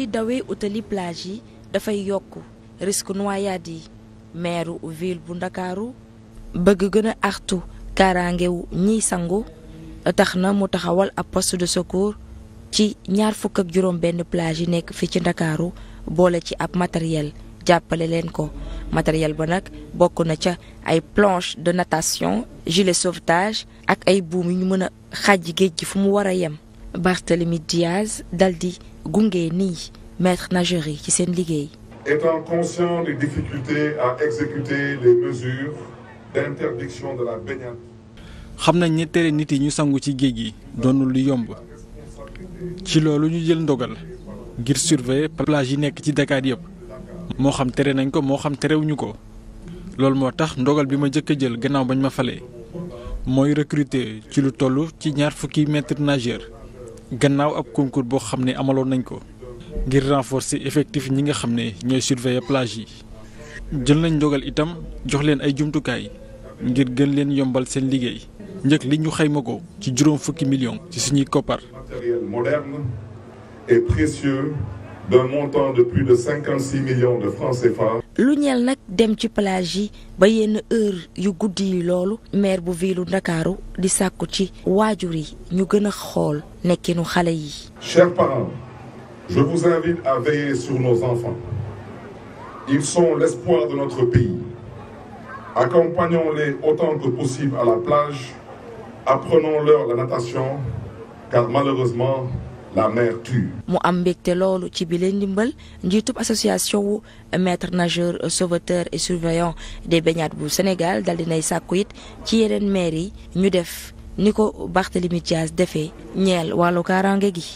fi dawee utali plage yi dafay yokk risque noyade yi meeru ville bu ndakaaru bëgg gën a artu kaaraangewu ñiy sangu tax na mu taxawal ab poste de secours ci ñaar fukk ak juróom benn plage yi nekk fii ci ndakaaru boole ci ab matériel jàppale leen ko matériel ba nag bokk na ca ay planche de natation gilet sauvetage ak ay buum yu ñu mën a xàjj géej gi fu mu war a yem Barthélemy Diaz daldi gunge nii maître nageurs yi ci seen liggéey. étant conscient xam nañ ne tere nit yi ñu sangu ci géej gi doonul lu yomb ci loolu ñu jël ndogal ngir surveiller plage yi nekk ci Dakar yëpp moo xam tere nañ ko moo xam terewuñu ko loolu moo tax ndogal bi ma njëkk a jël gannaaw bañ ma fale mooy recruter ci lu toll ci ñaar fukki maîtres nageurs. gannaaw ab concours boo xam ne amaloon nañ ko ngir renforcer effectif ñi nga xam ne ñooy surveiller plage yi jël nañ ndogal itam jox leen ay jumtukaay ngir gën leen yombal seen liggéey njëkk li ñu xayma ko ci juróom fukki million ci suñuy koppar. matériel moderne et précieux. d'un montant de plus de cinquante six millions de francs CFA. lu ñeel nag dem ci plage yi ba yenn heure yu guddi yi loolu maire bu ville Ndakaaru di sàkku ci waajur yi ñu gën a xool nekkinu xale yi. chers parents je vous invite à veiller sur nos enfants ils sont l'espoir de notre pays accompagnons-les autant que possible à la plage apprenons-leur la natation car malheureusement. la mu am mbégte loolu ci bi leen ndimbal njiitu association wu maître nageur sauveteur et surveillant des baignades bu Sénégal dal dinay sàkku it ci yeneen maire yi ñu def ni ko Barthélémy Dias defee ñeel wàllu kaaraange gi.